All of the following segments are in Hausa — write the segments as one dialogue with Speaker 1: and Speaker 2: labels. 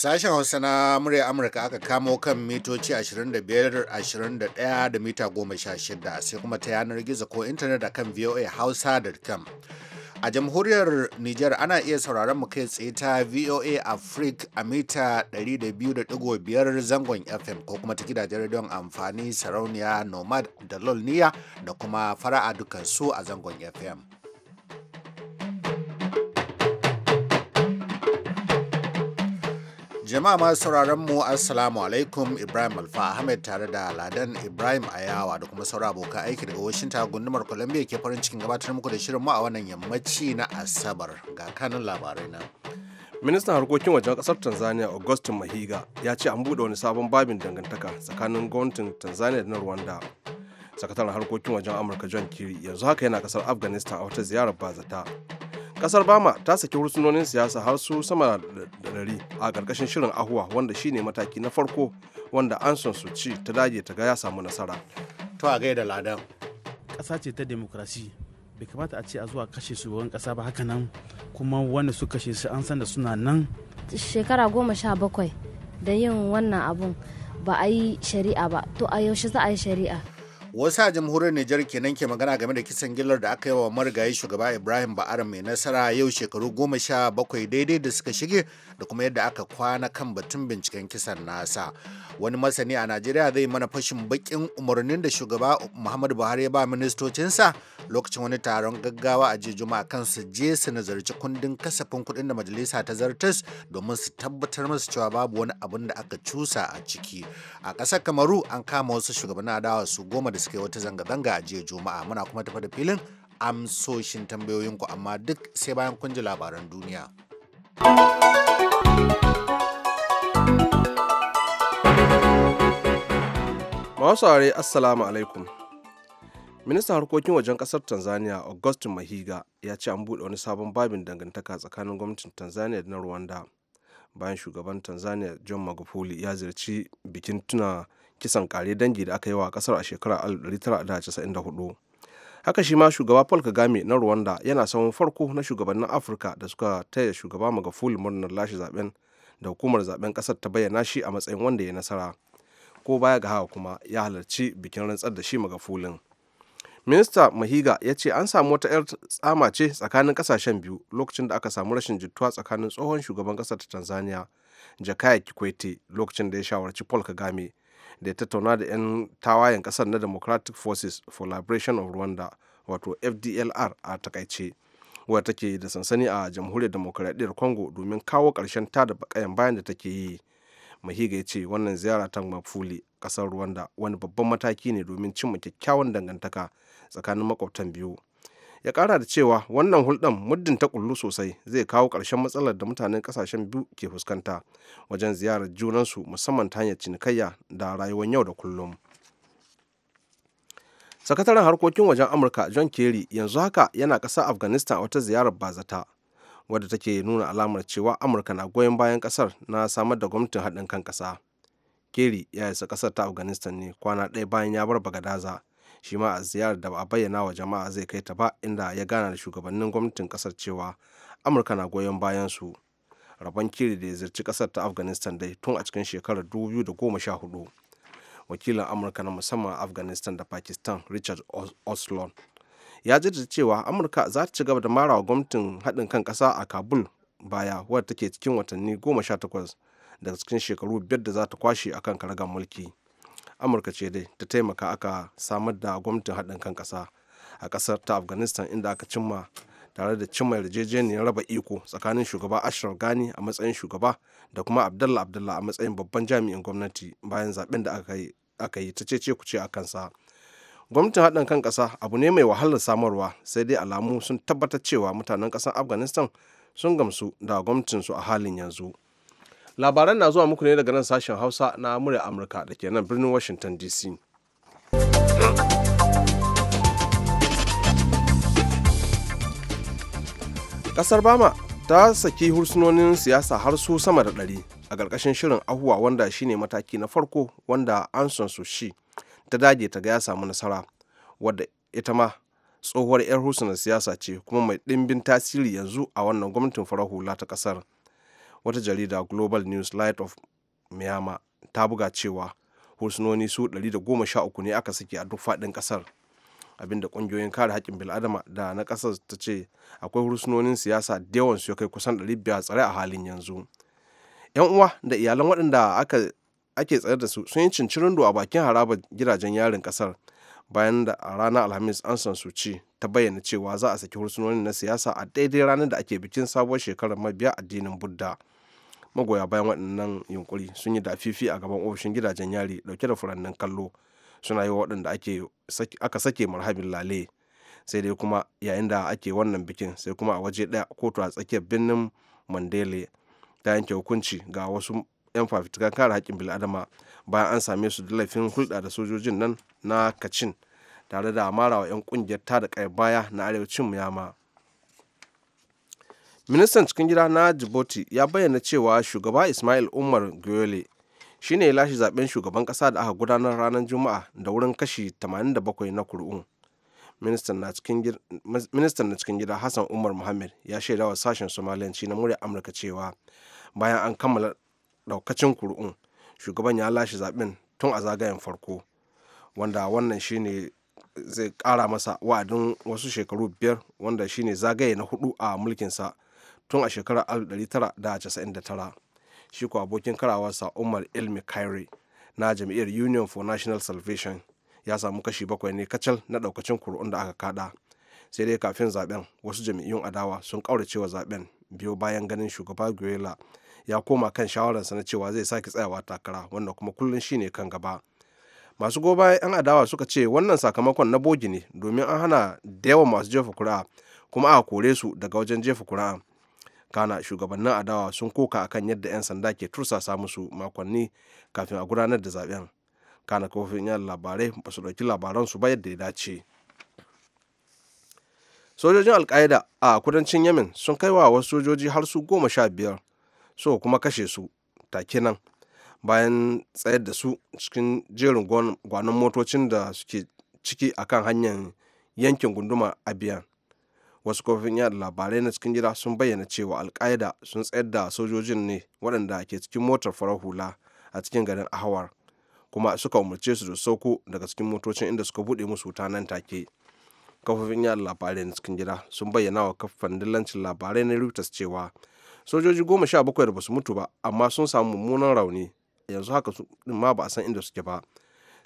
Speaker 1: Sashen Hausa na murya Amurka aka kamo kan mitoci 25-21 da mita 16 sai kuma ta yanar gizo ko intanet a kan Hausa.com. A jamhuriyar Nijar ana iya sauraron mu kai tsaye ta VOA Africa a mita 200.5 zangon FM ko kuma ta gidajen rediyon amfani sarauniya Nomad da Lolniya da kuma fara'a dukansu a zangon FM. Jama'a masu sauraron mu Assalamu alaikum Ibrahim Alfa Ahmed tare da Ladan Ibrahim Ayawa da kuma sauran abokan aiki daga washinta gundumar Columbia ke farin cikin gabatar muku da shirin mu a wannan yammaci na Asabar ga
Speaker 2: kanin labarai na. Ministan harkokin wajen kasar Tanzania Augustin Mahiga ya ce an buɗe wani sabon babin dangantaka tsakanin gwamnatin Tanzania da na Rwanda. Sakataren harkokin wajen Amurka John kiri yanzu haka yana kasar Afghanistan a wata ziyarar bazata. kasar bama ta saki hursunonin siyasa har su sama da dari a ƙarƙashin shirin ahuwa wanda shine mataki na farko wanda an son su ci ta dage ta ga ya samu nasara to a gaida ladan
Speaker 3: ƙasa ce ta demokrasi bai kamata a ce a zuwa kashe shugaban ƙasa ba haka nan kuma wanda su kashe su an san da suna nan
Speaker 4: shekara goma sha bakwai da yin wannan abun ba a yi shari'a ba to a yaushe za a yi shari'a
Speaker 1: wasu a jamhuriyar Nijar kenan ke magana game da kisan gillar da aka yi wa marigayi shugaba Ibrahim Ba'ar mai nasara yau shekaru goma sha bakwai daidai da suka shige da kuma yadda aka kwana kan batun binciken kisan nasa wani masani a najeriya zai mana fashin bakin umarnin da shugaba muhammadu buhari ya ba ministocinsa lokacin wani taron gaggawa a jiya juma'a kan su je su nazarci kundin kasafin kudin da majalisa ta zartas domin su tabbatar masu cewa babu wani abin da aka cusa a ciki a ƙasar kamaru an kama wasu shugabannin adawa su goma da suka yi wata zanga-zanga a jiya juma'a muna kuma tafi da filin amsoshin tambayoyinku amma duk sai bayan kunji labaran duniya.
Speaker 2: Masu Assalamu alaikum. Ministan harkokin wajen kasar Tanzania Augustin Mahiga ya ce an buɗe wani sabon babin dangantaka tsakanin gwamnatin Tanzania da na Rwanda. Bayan shugaban Tanzania John Magufuli ya ziyarci bikin tuna kisan kare dangi da aka yi wa kasar a shekarar 1994. haka shi ma shugaba paul kagame na rwanda yana samun farko na shugabannin afirka da suka taya shugaba magafuli murnar lashe zaben da hukumar zaben kasar ta bayyana shi a matsayin wanda ya nasara ko baya ga haka kuma ya halarci bikin rantsar da shi magafulin minista mahiga ya ce an samu wata 'yar tsama ce tsakanin kasashen biyu lokacin da aka samu rashin jituwa tsakanin tsohon shugaban kasar ta tanzania jakaya kikwete lokacin da ya shawarci paul kagame da ya tattauna da 'yan tawayen kasar na democratic forces for liberation of rwanda wato fdlr a takaice wadda take da sansani a jamhuriyar demokuraɗiyar congo domin kawo ƙarshen ta da bakayan bayan da take yi mahiga ya ce wannan ziyara ta mafuli ƙasar rwanda wani babban mataki ne domin cimma kyakkyawan dangantaka tsakanin makwabtan biyu ya kara da cewa wannan hulɗan muddin ta kullu sosai zai kawo ƙarshen matsalar da mutanen ƙasashen biyu ke fuskanta wajen ziyarar junansu musamman ta hanyar cinikayya da rayuwar yau da kullum sakataren harkokin wajen amurka john kerry yanzu haka yana ƙasar afghanistan wata ziyarar bazata wadda take nuna alamar cewa amurka na goyon bayan ƙasar na samar da gwamnatin haɗin kan ƙasa kerry ya isa ƙasar ta afghanistan ne kwana ɗaya bayan ya bar bagadaza shi ma a ziyarar da ba a bayyana wa jama'a zai kai ta ba inda ya gana da shugabannin gwamnatin kasar cewa amurka na goyon bayan su rabon kiri da ya zirci kasar ta afghanistan dai tun a cikin shekarar 2014 wakilin amurka na musamman afghanistan da pakistan richard oslon ya jirgin cewa amurka za ta ci gaba da mara wa gwamnatin haɗin kan ƙasa a kabul baya wadda take cikin watanni 18 daga cikin shekaru biyar da za ta kwashe akan karagar mulki amurka ce dai ta taimaka aka samar da gwamnatin haɗin kan ƙasa a ƙasar ta afghanistan inda aka cimma tare da cimma yarjejeniyar raba iko tsakanin shugaba ashraf gani a matsayin shugaba da kuma abdullah abdullah a matsayin babban jami'in gwamnati bayan zaben da aka yi ta ce cece kuce a kansa gwamnatin haɗin kan ƙasa abu ne mai wahalar samarwa sai dai alamu sun tabbatar cewa mutanen ƙasar afghanistan sun gamsu da gwamnatinsu a halin yanzu. labaran na zuwa muku ne daga nan sashen hausa na murya amurka da ke nan birnin washington dc kasar bama ta saki hursunonin siyasa har su sama da ɗari a ƙarƙashin shirin ahuwa wanda shine mataki na farko wanda an su shi ta dage ta ga ya samu nasara wadda ita ma tsohuwar 'yar hursunan siyasa ce kuma mai ɗimbin tasiri yanzu a wannan gwamnatin farar hula ta ƙasar. wata jarida global news light of miyama ta buga cewa hursunoni su 113 ne aka saki a duk faɗin ƙasar abinda ƙungiyoyin kare haƙƙin bil'adama da na ƙasar ta ce akwai hursunonin siyasa da su ya kai kusan 500 tsare a halin yanzu yan uwa da iyalan waɗanda aka ake tsayar da su sun yi cincirin a bakin harabar gidajen yarin ƙasar bayan da a ranar alhamis an san ci ta bayyana cewa za a saki hursunonin na siyasa a daidai ranar da ake bikin sabuwar shekarar mabiya addinin budda magoya bayan waɗannan yunkuri sun yi dafifi a gaban ofishin gidajen yari dauke da furannin kallo suna yi wa waɗanda aka sake marhabin lale sai dai kuma yayin da ake wannan bikin sai kuma a waje ɗaya kotu a tsakiyar birnin mandele ta yanke hukunci ga wasu 'yan fafitikan kare haƙƙin bil'adama bayan an same su da laifin hulɗa da sojojin nan na kacin tare da marawa 'yan ƙungiyar tada kai baya na arewacin myanmar ministan cikin gida na djibouti ya bayyana cewa shugaba ismail umar goyole shine ya lashe zaben shugaban kasa da aka gudanar ranar juma'a da wurin kashi 87 na kur'un. ministan na cikin gida hassan umar muhammad ya shaida wa sashen somaliyanci na murya amurka cewa bayan an kammala daukacin kur'un shugaban ya lashe zaben tun a zagayen farko wanda wannan shine zai kara masa wa'adin wasu shekaru biyar wanda shine zagaye na hudu a mulkinsa tun a shekarar 1999 shi ko abokin karawarsa umar ilmi kairi na jam'iyyar union for national salvation ya samu kashi bakwai ne kacal na daukacin kuri'un da aka kada sai dai kafin zaben wasu jam'iyyun adawa sun kauracewa zaben biyo bayan ganin shugaba guerrilla ya koma kan shawararsa na cewa zai sake tsayawa takara wanda kuma kullum shine kan gaba masu goba 'yan adawa suka ce wannan sakamakon na bogi ne domin an hana da yawan masu jefa kuri'a kuma a kore su daga wajen jefa kura'a kana shugabannin adawa sun koka akan yadda 'yan sanda ke tursasa musu makonni kafin a gudanar da zaɓen kana kofin yan labarai ba su ɗauki labaransu ba yadda ya dace sojojin alkaida a kudancin yamin sun kai wa wasu sojoji har su goma sha biyar so kuma kashe su take nan bayan tsayar da su cikin jerin gwanon motocin da suke ciki akan hanyar yankin gunduma abiyan wasu kofin yada labarai na cikin gida sun bayyana cewa alkaida sun tsayar da sojojin ne waɗanda ke cikin motar farar hula a cikin garin ahawar kuma suka umarce su da sauko daga cikin motocin inda suka buɗe musu wuta nan take kafofin yada labarai na cikin gida sun bayyana wa kafan dillancin labarai na reuters cewa sojoji goma sha bakwai da basu mutu ba amma sun samu mummunan rauni yanzu haka din ma ba a san inda suke ba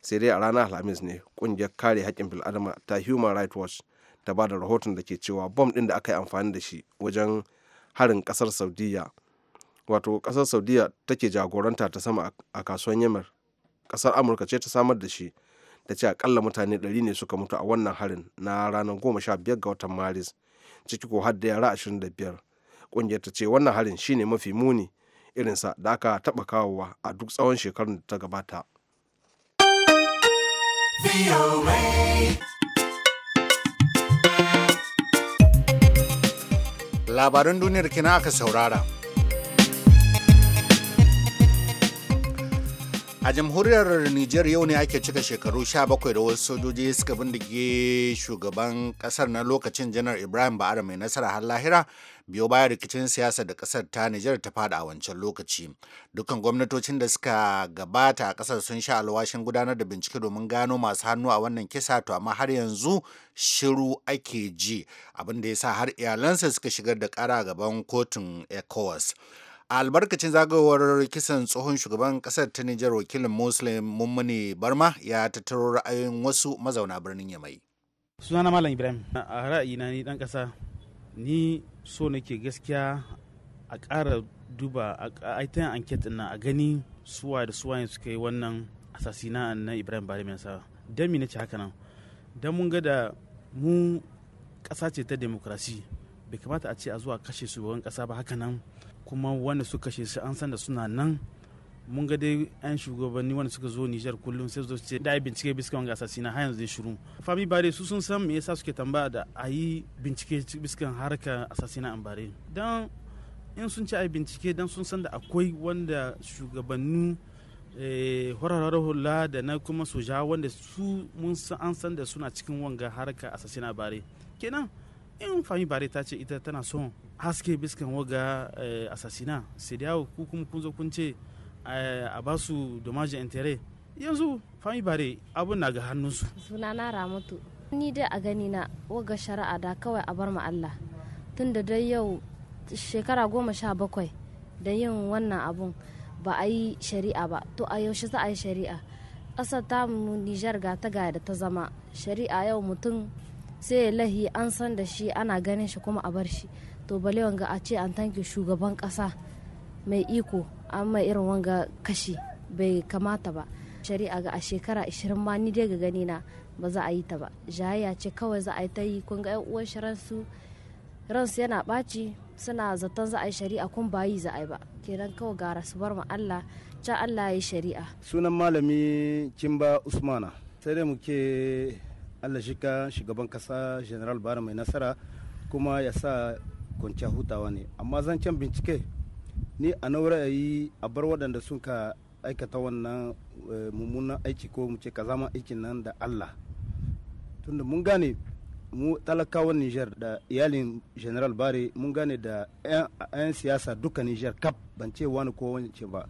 Speaker 2: sai dai a ranar alhamis ne kungiyar kare haƙƙin bil'adama ta human rights watch ta ba da rahoton da ke cewa bom ɗin da aka yi amfani da shi wajen harin ƙasar saudiya wato ƙasar saudiya take jagoranta ta sama a kasuwan yamar ƙasar amurka ce ta samar da shi da ce akalla mutane 100 ne suka mutu a wannan harin na ranar 15 ga watan maris ciki ko har da yara 25 ƙungiyar ta ce wannan harin shine mafi muni irinsa da aka taɓa kawowa a duk tsawon shekarun da ta gabata.
Speaker 1: labaran duniyar kina aka saurara. a jamhuriyar niger yau ne ake cika shekaru 17 da wasu sojoji suka bindige shugaban kasar na lokacin janar ibrahim ba'ara mai nasara har lahira biyo bayan rikicin siyasa da kasar ta niger ta fada a wancan lokaci dukkan gwamnatocin da suka gabata a kasar sun sha alwashin gudanar da bincike domin gano masu hannu a wannan kisa to amma har yanzu shiru ake ji abin da ya sa har iyalansa suka shigar da kara gaban kotun ecowas a albarkacin zagawar kisan tsohon shugaban kasar ta nijar wakilin muslim mummuni barma ya tattaro ra'ayoyin wasu mazauna birnin yamai
Speaker 3: sunana malam ibrahim a ra'ayina ni dan kasa ni so nake gaskiya a ƙara duba a ta anket na a gani suwa da suwa yin suka yi wannan asasina na ibrahim bari mai don mi nace haka nan don mun ga da mu ƙasa ce ta demokrasi bai kamata a ce a zuwa kashe shugaban ƙasa ba haka nan kuma wanda suka kashe su an san da suna nan mun ga dai yan shugabanni wanda suka zo Nijar kullum sai zo ce dai bincike bisa wanga asasina har yanzu zai shiru fami bare su sun san me yasa suke tambaya da a yi bincike bisa harka asasina an bare dan in sun ci a bincike dan sun san da akwai wanda shugabanni eh, horarar hula da na kuma soja wanda su mun an san da suna cikin wanga harkar asasina bare kenan in fami bare ta ce ita tana son haske biskan waga eh, asasina sai da ku kuma kun zo kun ce eh, a ba su intere yanzu fami bare abun na ga hannunsu
Speaker 4: suna na ramatu ni dai a gani na waga shari'a da kawai a bar mu Allah tun da dai yau shekara goma sha bakwai da yin wannan abun ba a yi shari'a ba to a yaushe za a yi shari'a ƙasar mu nijar ga ta ga da ta zama shari'a yau mutum sai ya lahi an san da shi ana ganin shi kuma a bar shi to bale wanga a ce an tanke shugaban kasa mai iko an mai irin wanga kashi bai kamata ba shari'a ga a shekara 20 ma ni dai ga gani na ba za a yi ta ba jayayya ce kawai za a yi ta yi kun ga uwan shi ransu yana baci suna zaton za a yi shari'a kun ba yi za a yi ba kenan kawai gara su bar ma Allah can Allah ya yi shari'a
Speaker 5: sunan malami Kimba Usmana sai dai muke allah shi ka shugaban kasa general bara mai nasara kuma ya sa kwanciya hutawa ne amma zancen bincike ni a naura yi a bar waɗanda sun ka aikata wannan eh, mummunan aiki ko mu ce ka zama aikin nan da allah tunda mun gane mu talakawan niger da iyalin general bari mun gane da 'yan siyasa duka niger kap ban ce wani ko wani ba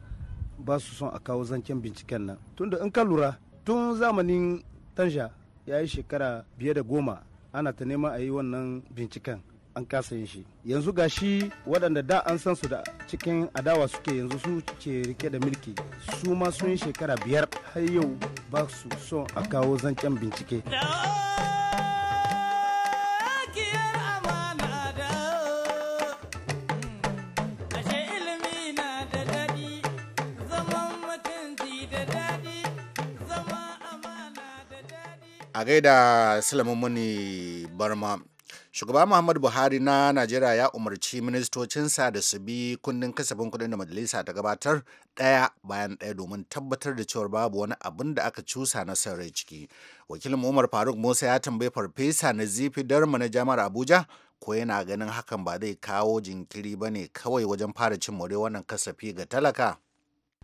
Speaker 5: ba su son a kawo zancen binciken nan tunda in ka lura tun zamanin tanja ya yi shekara biye da goma ana ta nema a yi wannan binciken an kasa yin shi yanzu ga shi waɗanda da an san su da cikin adawa suke yanzu su ke rike da mulki su ma sun yi shekara biyar har yau ba su son a kawo zancen bincike.
Speaker 1: a gaida salamin muni barma shugaba muhammadu buhari na najeriya ya umarci ministocinsa da su bi kundin kasafin kudin da majalisa ta gabatar ɗaya bayan ɗaya domin tabbatar da cewar babu wani abin da aka cusa na sarai ciki wakilin umar faruk musa ya tambayi farfesa na zifi darma na jami'ar abuja ko yana ganin hakan ba zai kawo jinkiri ba ne kawai wajen fara cin more wannan kasafi ga talaka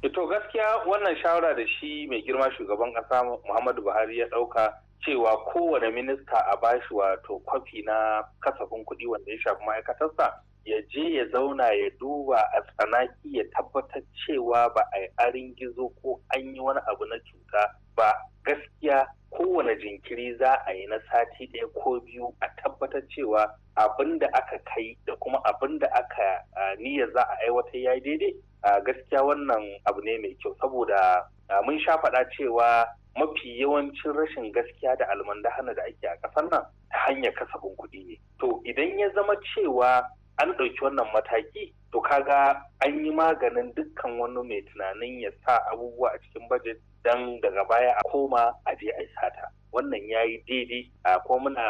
Speaker 6: eh to gaskiya wannan shawara da shi mai girma shugaban ƙasa muhammadu buhari ya dauka. cewa kowane minista a bashi wato kwafi na kasafin kuɗi wanda ya shafi ma'aikatarsa ya je ya zauna ya duba a tsanaki ya tabbatar cewa ba a yi arin gizo ko an yi wani abu na cuta ba gaskiya kowane jinkiri za a yi na sati ɗaya ko biyu a tabbatar cewa abin da aka kai da kuma abin da aka niyyar za a aiwatar ya yi daidai gaskiya wannan abu ne mai kyau saboda mun sha faɗa cewa mafi yawancin rashin gaskiya da almandahana da ake a ƙasar nan ta hanyar kasafin kuɗi ne to idan ya zama cewa an ɗauki wannan mataki to kaga an yi maganin dukkan wani mai tunanin ya sa abubuwa a cikin bajet don daga baya a koma a je a sata wannan ya yi daidai a ko muna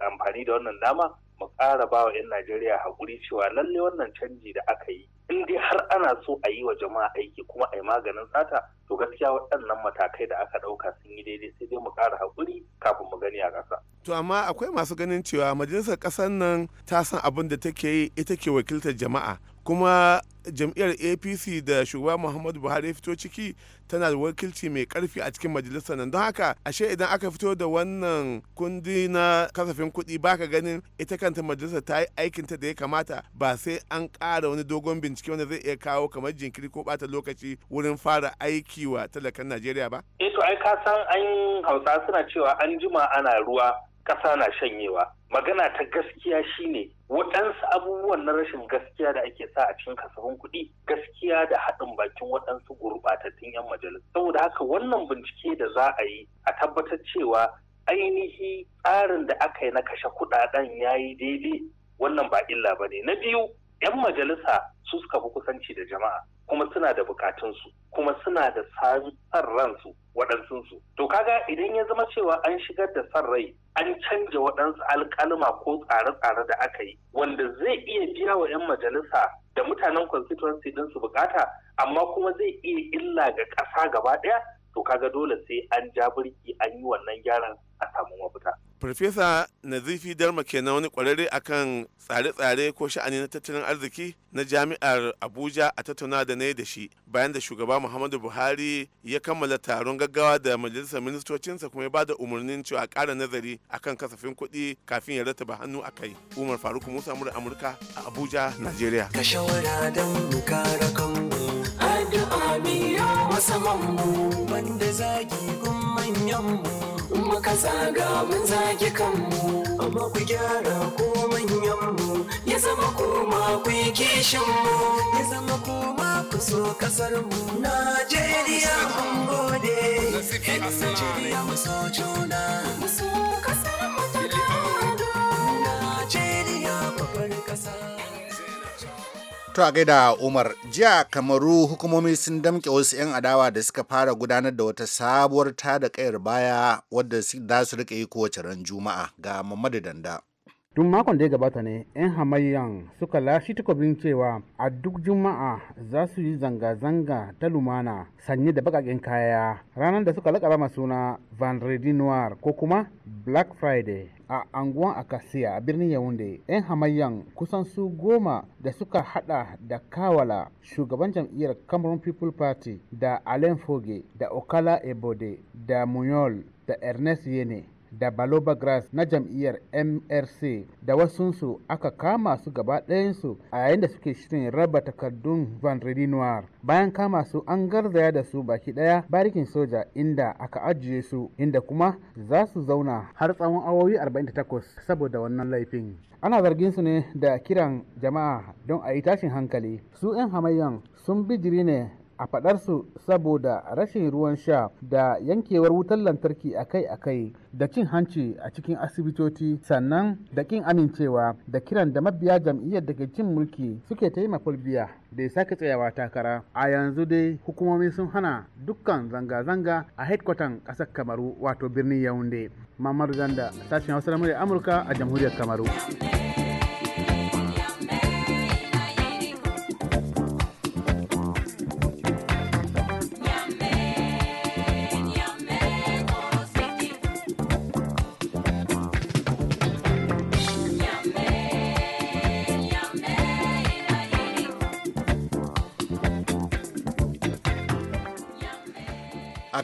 Speaker 6: amfani da wannan dama ƙara ba wa 'yan Najeriya haƙuri cewa lalle wannan canji da aka yi in dai har ana so a yi wa jama'a aiki kuma a yi maganin sata to gaskiya waɗannan matakai da aka ɗauka sun yi daidai sai dai mu ƙara haƙuri kafin mu gani a ƙasa.
Speaker 7: To amma akwai masu ganin cewa majalisar ƙasar nan ta san abin da take yi ita ke wakiltar jama'a kuma jam'iyyar apc da shugaba muhammadu buhari fito ciki tana da wakilci mai karfi a cikin majalisa nan don haka ashe idan aka fito da wannan kundi na kasafin kuɗi baka ganin ita kanta majalisa ta yi aikinta da ya kamata ba sai an kara wani dogon bincike wanda zai iya kawo kamar jinkiri ko bata lokaci wurin fara aiki wa talakan najeriya ba.
Speaker 6: eh to ai ka san an hausa suna cewa an jima ana ruwa ƙasa na shanyewa magana ta gaskiya shine waɗansu abubuwan na rashin gaskiya da ake sa a cikin kasafin kuɗi gaskiya da haɗin bakin waɗansu gurɓatattun 'yan majalis saboda haka wannan bincike da za a yi a tabbatar cewa ainihi tsarin da aka yi na kashe kuɗaɗen ya yi daidai wannan ba illa ba ne na biyu 'yan majalisa su suka fi kusanci da jama'a kuma suna da bukatunsu kuma suna da san ransu waɗansunsu to kaga idan ya zama cewa an shigar da san rai an canja waɗansu alƙalma ko tsare-tsare da aka yi wanda zai iya biya wa 'yan majalisa da mutanen constituency din su bukata amma kuma zai iya illa ga ƙasa gaba ɗaya to kaga dole sai an ja birki an yi wannan gyaran a samu mafita
Speaker 7: farfesa nazifi darma kenan wani kwararre akan tsare-tsare ko sha'ani na tattalin arziki na jami'ar abuja a tattauna da na da shi bayan da shugaba muhammadu buhari ya kammala taron gaggawa da majalisar ministocinsa kuma ya bada umarnin cewa a ƙara nazari akan kasafin kuɗi kafin ya rataba hannu a kai umar faruk musa amurka a abuja najeriya kashe
Speaker 8: addu'a biya masa manmu banda zagi gun Mu muka zaga mun zagi kanmu amma ku gyara ko mu ya zama koma ku yi mu ya zama koma ku so kasarmu Najeriya mun gode
Speaker 5: Najeriya mu so juna
Speaker 1: To a gaida Umar, jiya kamaru hukumomi sun damke wasu 'yan adawa da suka fara gudanar da wata sabuwar tada kayar baya wadda za su riƙe yi kowace ran Juma'a ga Mamadu Danda.
Speaker 5: tun makon da ya gabata ne 'yan hamayyan suka lashe takobin cewa a duk juma'a za su yi zanga-zanga ta lumana sanye da bakakin kaya ranar da suka lakaba masu suna vendredi noir ko kuma black friday a anguwan akasiya a birnin yaounde 'yan hamayyan kusan su goma da suka hada da kawala shugaban jam'iyyar cameroon people party da alain foge da okala ebode da munyol da ernest yene da baloba grass na jam'iyyar mrc da wasunsu aka kama su gaba ɗayansu a yayin da suke shirin raba takardun van noir bayan kama su an garzaya da su baki ɗaya barikin soja inda aka ajiye su inda kuma za su zauna har tsawon awowi 48 saboda wannan laifin ana zargin su ne da kiran jama'a don a yi tashin hankali su 'yan hamayyan sun bijiri ne a su saboda rashin ruwan sha da yankewar wutar lantarki akai-akai da cin hanci a cikin asibitoci sannan da kin amincewa da kiran da mabiya jam'iyyar daga cin mulki suke ta yi biya da ya sake tsayawa takara a yanzu dai hukumomi sun hana dukkan zanga-zanga a hedkwatan kasar kamaru wato birnin yaounde mamar zanda sashen hausar amurka a jamhuriyar kamaru.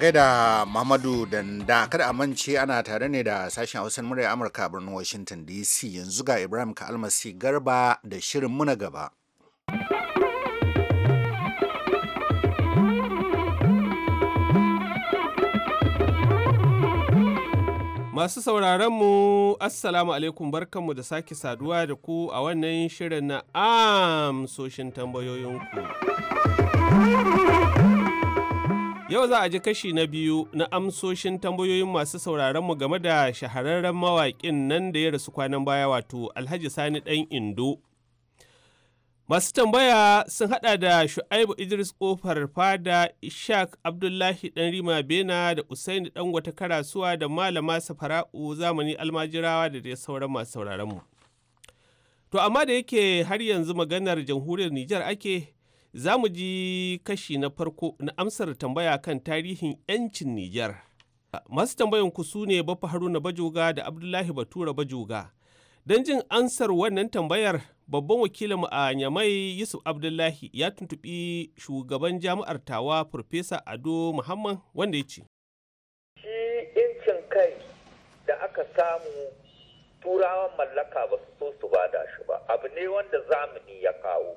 Speaker 1: gaida Muhammadu Danda kada a mance ana tare ne da sashen Hausan murya Amurka birnin Washington DC yanzu ga Ibrahim Kalmasi Garba da shirin muna gaba.
Speaker 7: Masu sauraron mu Assalamu alaikum barkanmu da sake saduwa da ku a wannan shirin na amsoshin tambayoyinku. Yau za a ji kashi na biyu na amsoshin tambayoyin masu sauraronmu game da shahararren mawaƙin nan da ya rasu kwanan baya wato Alhaji Sani ɗan Indo. Masu tambaya sun haɗa da Shu'aibu Idris Kofar Fada, Ishaq Abdullahi ɗan Rima Bena da Usaini ɗan wata karasuwa da Malama Safara'u zamani almajirawa da dai sauran masu sauraronmu. To amma da yake har yanzu maganar jamhuriyar Nijar ake za mu ji kashi na farko na amsar tambaya kan tarihin 'yancin Nijar. Masu tambayan ku su ne Bafa Haruna Bajoga da Abdullahi Batura Bajoga. Don jin ansar wannan tambayar babban wakilinmu a Nyamai Yusuf Abdullahi ya tuntuɓi shugaban jami'ar tawa Farfesa Ado Muhammad wanda ya ce.
Speaker 9: Shi 'yancin kai da aka samu turawan mallaka ba su so su bada shi ba abu ne wanda zamani ya kawo.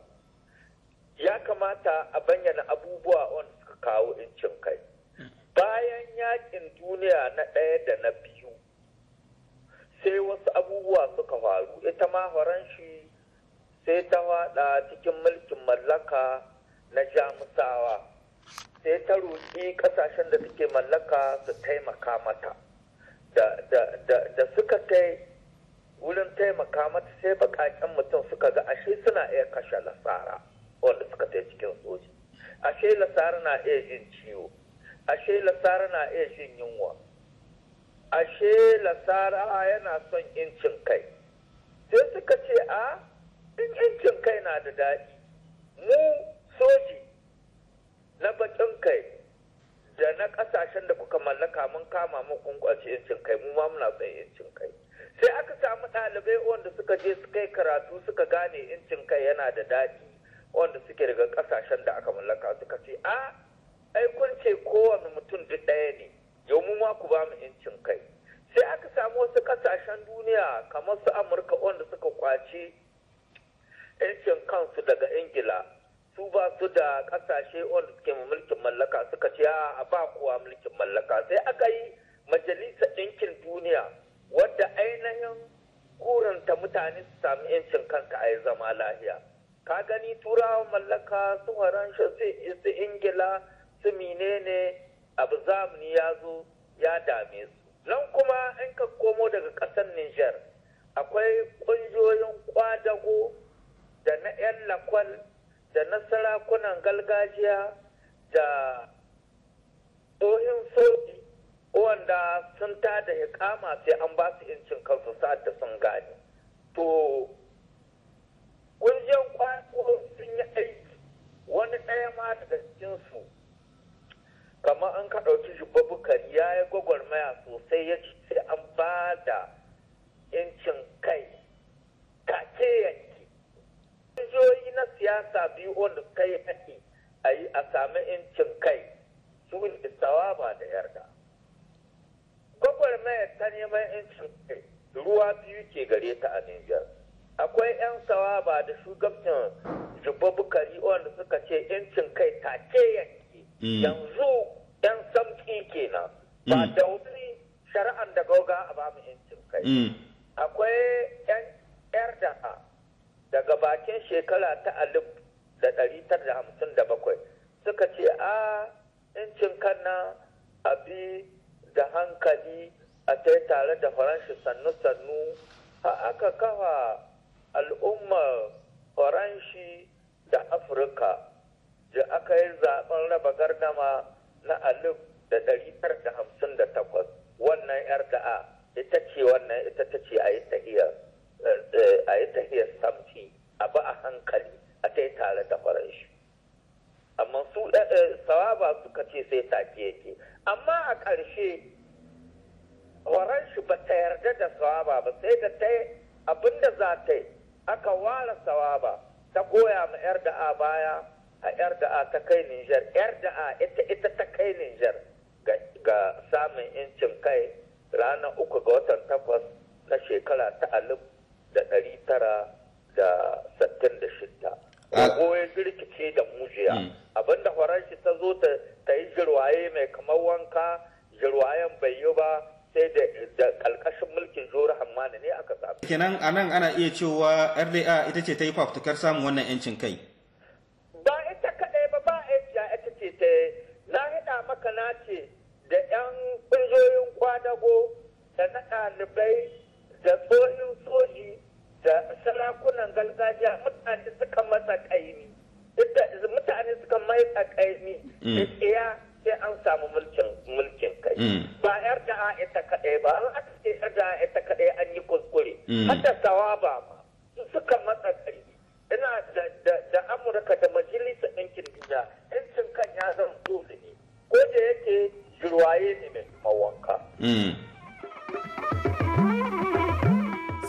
Speaker 9: ya kamata a bayyana abubuwa wanda suka kawo incin kai bayan yakin duniya na ɗaya da na biyu sai wasu abubuwa suka faru ita ma faranshi sai ta haɗa cikin mulkin mallaka na jamusawa sai ta roƙi ƙasashen da suke mallaka su taimaka mata da suka kai wurin taimaka mata sai baƙaƙen mutum suka ga ashe suna iya kashe nasara. wanda suka ta cikin soji ashe lasara na iya jin ciwo ashe lasara na iya jin yunwa ashe lasara yana son incin kai sai suka ce a in incin kai na da daɗi mu soji na bakin kai da na ƙasashen da kuka mallaka mun kama mu kun kwace kai mu ma muna son incin kai sai aka samu ɗalibai wanda suka je suka yi karatu suka gane incin kai yana da daɗi wanda suke daga kasashen da aka mallaka suka ce a ai kun ce kowane mutum duk ɗaya ne yau mu ma ku ba mu incin kai sai aka samu wasu kasashen duniya kamar su amurka wanda suka kwaci yancin kansu daga ingila su ba su da kasashe wanda suke mulkin mallaka suka ce a ba kowa mulkin mallaka sai aka yi majalisar ɗinkin duniya wadda ainihin kuranta mutane su sami 'yancin kanka a yi zama lahiya ka gani turawa mallaka su haranshi su ingila su menene abu zamani ya zo ya dame su nan kuma in ka komo daga ƙasar niger akwai ƙungiyoyin kwadago da na 'yan lakwal da na sarakunan gargajiya da tsohin soji wanda sun tada hikama sai an ba su 'yancin kansu sa'ad da sun gane to wajen kwakwaro sun yi aiki wani ɗaya ma daga cikinsu kamar an ka ɗauki shi bukari ya yi gwagwarmaya sosai ya ci sai an ba da yancin kai kake yanki ƙungiyoyi na siyasa biyu wanda kai haƙi a yi a sami yancin kai su ne sawaba da yarda gwagwarmaya ta neman yancin kai ruwa biyu ke gare ta a Nijar. akwai 'yan sawa ba da shugabcin jubabukari wanda suka ce 'yancin kai ta ce yanki mm. yanzu 'yan samtsi kenan ba mm. da wuri shari'an da gauga a bamu 'yancin kai mm. akwai 'yan yarda daga bakin shekara ta alif da ɗari tara da hamsin da bakwai suka ce a 'yancin kan a bi da hankali a tare da faranshi sannu-sannu a aka kawa al'ummar faranshi da afirka da aka yi zaben raba gardama na alif da ɗari da hamsin da takwas wannan yar A ita ce wannan ita ta ce a yi tahiyar eh, samti a ba a hankali a ta yi tare da faranshi amma su eh, eh, sawaba suka ce sai take yake amma a ƙarshe faranshi ba ta yarda da sawaba ba sai da ta yi abinda za ta yi aka ware sawaba ta koya ma yar a baya a yar a ta kai Nijar yar a ita ita ta kai Nijar ga samun incin kai ranar uku ga watan takwas na shekara ta alif da ɗari tara da sattin da shidda. Rago ya girkice da mujiya mm. abinda shi ta zo ta yi jirwaye mai kamar wanka jirwayen bai yi ba sai da kalkashin mulkin zoro hammani ne aka samu.
Speaker 7: kenan a nan ana iya cewa rda ita ce ta yi fafutukar samun wannan yancin kai.
Speaker 9: ba ita kaɗai ba ba ita ce ta yi. na hida maka na ce da yan ƙungiyoyin kwadago da na ɗalibai da tsohin soji da sarakunan gargajiya mutane suka matsa ƙaimi. mutane suka mai tsakaimi mm. da sai an samu mulkin mulkin kai hmm. ba yar da a ita kadai ba an ce da a ita kadai an yi kuskure hmm. hatta sawaba ma suka matsa kai ina da amurka da majalisar ɗinkin duniya yancin kan ya zan dole ne ko da yake jirwaye ne mai mawanka hmm.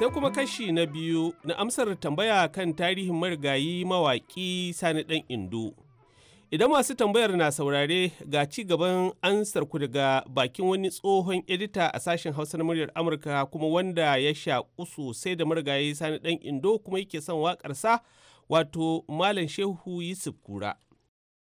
Speaker 7: sai kuma kashi na biyu na amsar tambaya kan tarihin marigayi mawaƙi sani ɗan indo Idan masu tambayar na saurare ga ci gaban ansar ku daga bakin wani tsohon edita a sashen Hausa na muryar Amurka kuma wanda ya sha shaƙu sai da marigayi sani dan indo kuma yake son waƙarsa wato Malam Shehu Yusuf Kura.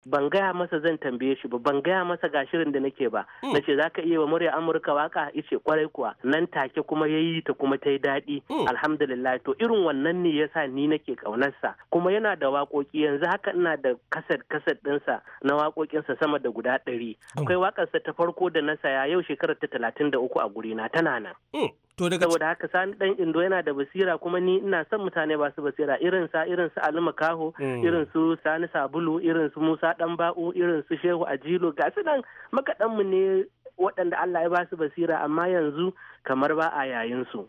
Speaker 8: ban gaya masa zan tambaye shi ba ban gaya masa ga shirin da nake ba mm. na ce zaka iya wa murya amurka waka ice kwarai kuwa nan take kuma ya yi ta kuma ta yi daɗi mm. alhamdulillah to irin wannan ne ya sa ni nake ƙaunarsa kuma yana da waƙoƙi yanzu haka ina da kasad kasad ɗinsa na waƙoƙinsa sama da guda ɗari mm. akwai waƙarsa ta farko da na saya yau shekarar ta talatin da uku a gurina tana nan. saboda haka sani dan indo yana da basira kuma ni ina son mutane ba su basira irin sa irin su Ali Makaho mm. irin su Sani Sabulu irin su Musa Danba'u irin su Shehu Ajilo ga su nan makadan mu ne waɗanda Allah ya ba su basira amma yanzu kamar ba a yayin su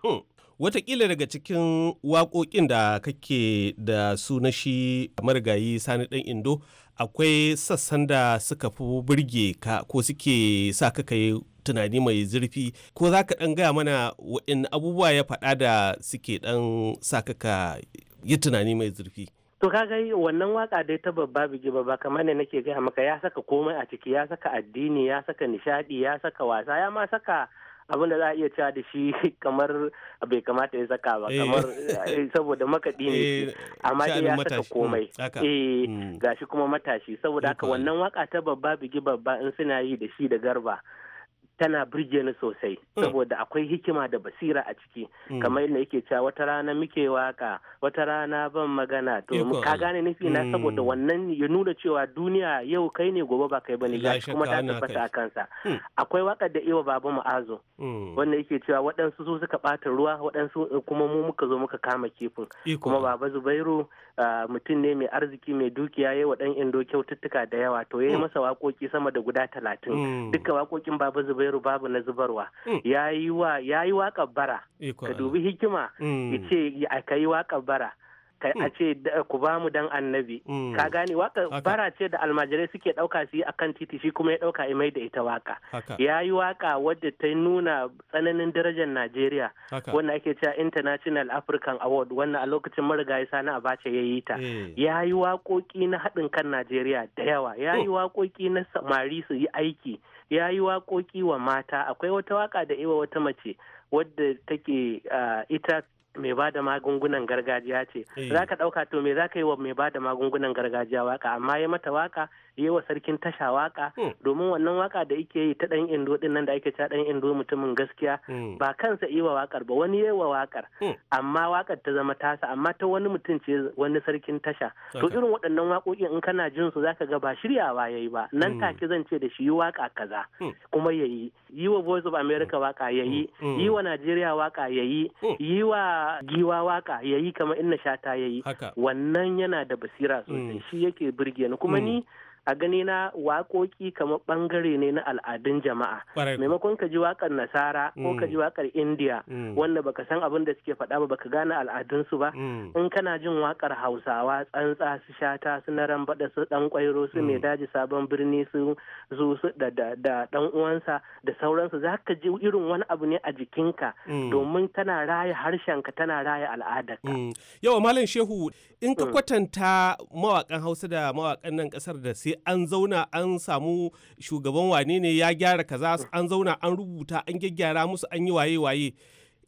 Speaker 7: watakila daga cikin waƙoƙin da kake da su na shi marigayi Sani dan Indo akwai sassan da suka fi burge ka ko suke sa ka kai tunani mai zurfi ko za ka ɗan gaya mana waɗanne abubuwa ya faɗa da suke ɗan sa ka yi tunani mai zurfi.
Speaker 8: To kaga wannan waka dai ta babba bigi babba kamar ne nake gaya maka ya saka komai a ciki ya saka addini ya saka nishadi ya saka wasa ya ma saka abin da za a iya cewa da shi kamar bai kamata ya saka ba eh. kamar eh, saboda makaɗi ne eh, amma dai ya saka komai mm, eh mm. gashi kuma matashi saboda haka wannan waka ta babba bigi babba in suna yi da shi da garba tana birge ni sosai hmm. saboda akwai hikima da basira a ciki hmm. kamar yadda yake cewa wata rana muke waka wata rana ban magana to ka gane nufi na hmm. saboda wannan ya nuna cewa duniya yau kai ne gobe ba kai bane gashi kuma ta tabbata a kansa akwai waka da iwa baba azu. wanda yake cewa waɗansu su suka ɓata ruwa waɗansu eh, kuma mu muka zo muka kama kifin kuma baba zubairu ah, mutum ne mai arziki mai dukiya yayi wa indo kyaututtuka da yawa to yayi masa waƙoƙi sama da guda talatin duka waƙoƙin baba zubairu alkhairu babu na zubarwa mm. mm. ya yi wa bara ka dubi mm. hikima ya ce ka yi bara a ce ku ba mu dan annabi ka gani waka bara ce da almajirai suke ɗauka su yi akan titi shi kuma ya ɗauka ya mai da ita waka ya yi waka wadda ta nuna tsananin darajar Najeriya wanda ake cewa International African Award wannan a lokacin marigayi Sani Abacha ya yi ta eh. ya yi waƙoƙi na haɗin kan Najeriya da yawa ya yi oh. waƙoƙi na samari su yi aiki ya yi waƙoƙi wa mata akwai wata waƙa da iwa wata mace wadda take ah, ita mai ba da magungunan gargajiya ce eh. za ka ɗauka to me za ka yi wa mai ba da magungunan gargajiya waka amma ya mata waka yi wa sarkin tasha waka hmm. domin wannan waka da ike yi ta ɗan indo ɗin nan da ake ta ɗan indo mutumin gaskiya hmm. ba kansa yi wa wakar ba wani yi wa wakar hmm. amma wakar ta zama tasa amma ta wani mutum ce wani sarkin tasha to irin waɗannan waƙoƙi in kana jin su za ka ga ba shiryawa ya yi ba nan take zan ce da shi yi waka kaza kuma ya yi yi wa voice of america mm. waka yayi mm. mm. yi wa Nigeria waka yayi yi wa giwa waka yayi kamar inna shata yayi wannan yana da basira sosai shi yake burge ni kuma ni a gani na waƙoƙi kamar ɓangare ne na al'adun jama'a maimakon ka ji waƙar nasara ko ka ji mm. waƙar indiya mm. wanda baka san abin da suke faɗa ba baka gane al'adunsu ba mm. in kana jin waƙar hausawa tsantsa su shata su na rambaɗa su ɗan kwairo su mai daji sabon birni su zu su da ɗan uwansa da sauransu za ka ji irin wani abu ne a jikinka domin tana raya harshenka tana raya al'adarka.
Speaker 7: yawa malam shehu in ka kwatanta mawaƙan hausa da mawaƙan nan ƙasar da sai sai an zauna an samu shugaban wane ne ya gyara kaza an zauna an rubuta an gyaggyara musu an yi waye-waye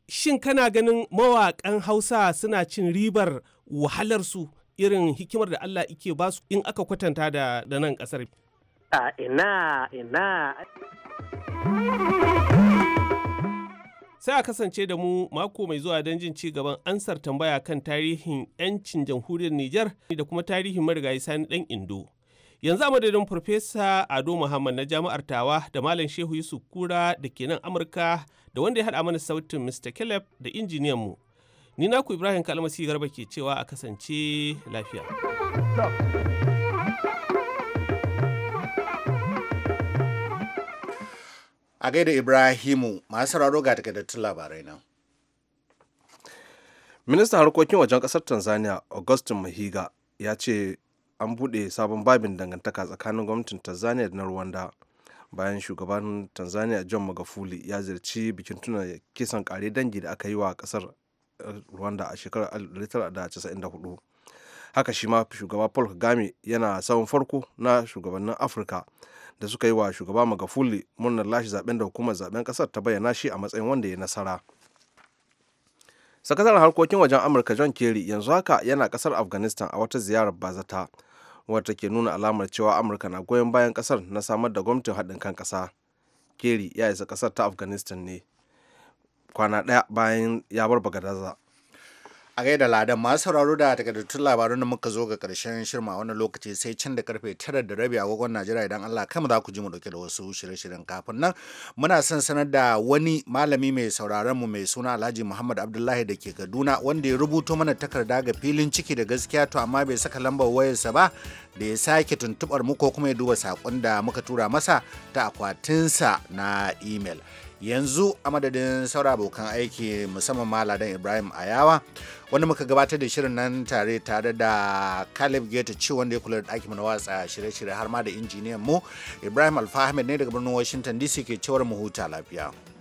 Speaker 7: shin kana ganin mawaƙan hausa suna cin ribar wahalarsu irin hikimar da allah ike basu in aka kwatanta da nan kasar. sai a kasance da mu mako mai zuwa don jin ci gaban ansar tambaya kan tarihin 'yancin jamhuriyar Nijar da kuma tarihin marigayi sani dan Indo. yanzu a madadin farfesa ado muhammad na jami'ar tawa da malam shehu yusuf kura da ke nan amurka da wanda ya haɗa mana sautin mr caleb da injiniyan mu ni naku ibrahim kalmasi garba ke cewa a kasance lafiya
Speaker 1: a gaida ibrahimu masu sauraro ga dattin labarai nan
Speaker 2: ministan harkokin wajen ƙasar tanzania augustin mahiga ya ce an buɗe sabon babin dangantaka tsakanin gwamnatin tanzania da na rwanda bayan shugaban tanzania john magafuli ya ziyarci bikin tuna kisan kare dangi da aka yi wa kasar eh, rwanda a shekarar 1994 haka shi ma shugaba paul kagame yana sabon farko na shugabannin afirka da suka yi wa shugaba magafuli murnar lashe zaben da hukumar zaben kasar ta bayyana shi a matsayin wanda ya nasara sakataren harkokin wajen amurka john kerry yanzu haka yana kasar afghanistan a wata ziyarar bazata wata ke nuna alamar cewa amurka na goyon bayan kasar na samar da gwamnatin haɗin kan ƙasa keri ya isa ƙasar ta afghanistan ne kwana ɗaya bayan ya bar bagadaza
Speaker 1: a gaida ladan masu sauraro da takardattun labarun da muka zo ga karshen shirma wani lokaci sai can da karfe tara da rabi agogon najeriya idan allah kama za ku ji mu dauke da wasu shirye-shiryen kafin nan muna son sanar da wani malami mai sauraron mu mai suna alhaji muhammad abdullahi da ke kaduna wanda ya rubuto mana takarda ga filin ciki da gaskiya to amma bai saka lambar wayarsa ba da ya sake tuntubar mu ko kuma ya duba saƙon da muka tura masa ta akwatinsa na imel. yanzu a madadin saura abokan aiki musamman maladan ibrahim ayawa wanda muka gabatar da shirin nan tare tare da caleb gate ci wanda ya kula da ɗakin na watsa shirye-shirye har ma da injiniyan mu ibrahim alfahmed ne daga birnin washington dc ke cewar mu huta lafiya